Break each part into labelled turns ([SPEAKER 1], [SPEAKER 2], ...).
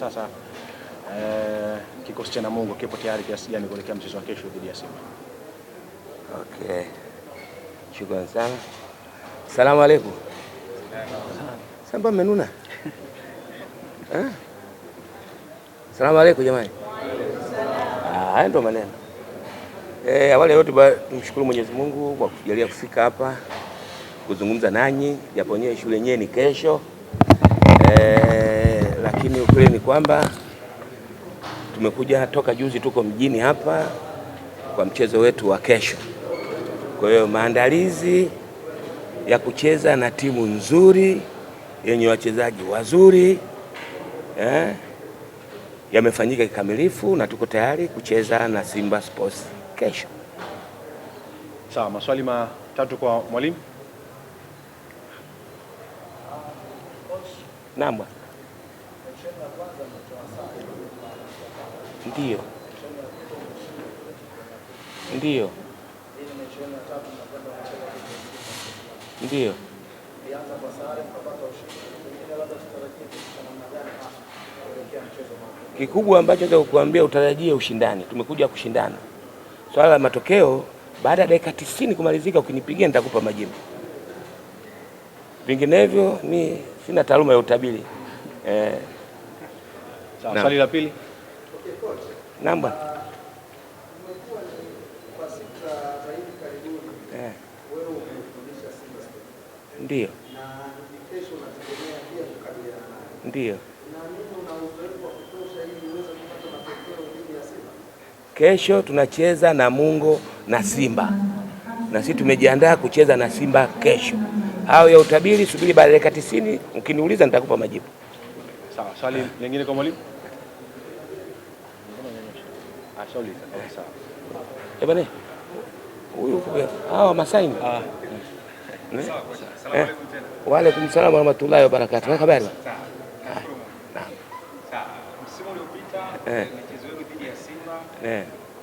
[SPEAKER 1] sasa eh, kikosi cha Namungo kipo tayari kiasi gani kuelekea mchezo wa kesho dhidi ya Simba? Okay. Shukrani sana. Asalamu alaykum. Samba menuna. Eh? Asalamu alaykum jamani. Ah, haya ndo maneno. Eh, awali yote tumshukuru Mwenyezi Mungu kwa kujalia kufika hapa kuzungumza nanyi, japo nyewe shule yenyewe ni kesho. Eh, lakini ukweli ni kwamba tumekuja toka juzi, tuko mjini hapa kwa mchezo wetu wa kesho. Kwa hiyo maandalizi ya kucheza na timu nzuri yenye wachezaji wazuri eh, yamefanyika kikamilifu na tuko tayari kucheza na Simba Sports kesho. Sawa, maswali matatu kwa mwalimu. Naam. Ndiyo, ndiyo, ndiyo. Kikubwa ambacho naweza kukuambia utarajie ushindani. Tumekuja kushindana. Swala la matokeo, baada ya dakika tisini kumalizika, ukinipigia nitakupa majibu, vinginevyo mi sina taaluma ya utabiri eh. Sawa, swali la pili. Namba eh. ndio ndio kesho tunacheza na Mungu na Simba, na sisi tumejiandaa kucheza na Simba kesho. Hayo ya utabiri, subiri baada ya dakika 90, ukiniuliza nitakupa majibu sawa. Swali lingine kwa mwalimu? Ebane, huyu hawa masaini waalaikum salamu warahmatullahi wabarakatu. Habari msimu uliopita michezo yenu dhidi ya Simba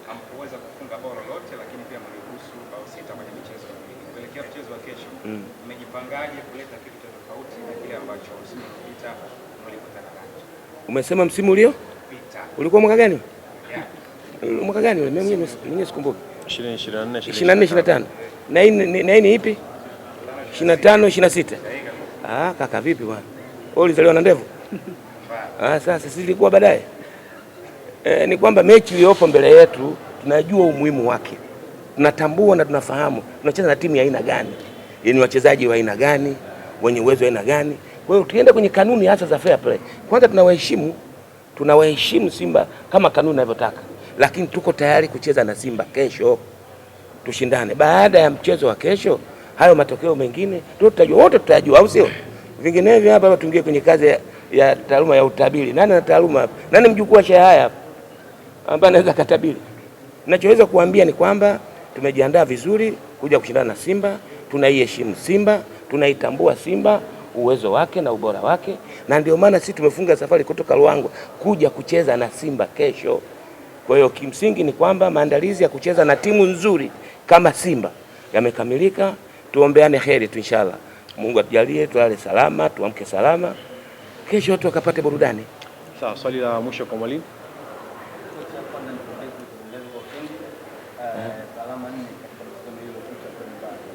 [SPEAKER 1] hamkuweza kufunga bao lolote, lakini pia mliruhusu bao sita kwenye michezo miwili kuelekea mchezo wa kesho, mm. mmejipangaje kuleta kitu cha tofauti na kile ambacho msimu uliopita mlikutana nacho? Umesema msimu ulio ulikuwa mwaka gani? Mwaka gani ule? Mimi mwenyewe sikumbuki. 2024 2025. Na hii na hii ni ipi? 25 26. Ah, kaka vipi bwana? Wewe ulizaliwa na ndevu? Ah, sasa sisi ilikuwa baadaye. Eh, ni kwamba mechi iliyopo mbele yetu tunajua umuhimu wake tunatambua na tunafahamu tunacheza na timu ya aina gani, yenye yaani wachezaji wa aina gani, wenye uwezo wa aina gani. Kwa hiyo tukienda kwenye kanuni hasa za fair play, kwanza tunawaheshimu, tunawaheshimu Simba kama kanuni inavyotaka, lakini tuko tayari kucheza na Simba kesho, tushindane. Baada ya mchezo wa kesho, hayo matokeo mengine ndio tutajua, wote tutajua, au sio? Vinginevyo hapa hapa tuingie kwenye kazi ya, taaluma ya utabiri. Nani ana taaluma hapa? Nani mjukuu wa Shehaya hapa ambaye anaweza katabiri? Ninachoweza kuambia ni kwamba tumejiandaa vizuri kuja kushindana na Simba. Tunaiheshimu Simba, tunaitambua Simba uwezo wake na ubora wake, na ndio maana sisi tumefunga safari kutoka Luangwa kuja kucheza na Simba kesho. Kwa hiyo kimsingi ni kwamba maandalizi ya kucheza na timu nzuri kama Simba yamekamilika. Tuombeane heri tu, inshallah Mungu atujalie, tulale salama, tuamke salama, kesho watu wakapate burudani. Sawa, swali la mwisho kwa mwalimu.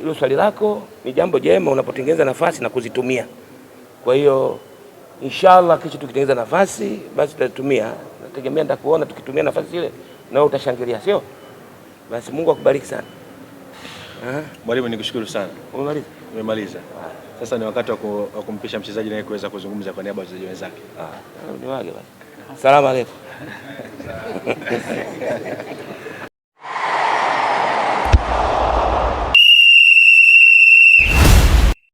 [SPEAKER 1] hilo swali lako ni jambo jema unapotengeneza nafasi na kuzitumia. Kwa hiyo inshallah, kesho tukitengeneza nafasi basi tutatumia. Nategemea nitakuona tukitumia nafasi zile, na utashangilia, sio? Basi Mungu akubariki sana. Mwalimu, nikushukuru sana. Umemaliza? Umemaliza. Sasa ni wakati wa kumpisha mchezaji naye kuweza kuzungumza kwa niaba ya wachezaji wenzake. Ah, Niwage basi. Salamu alaykum.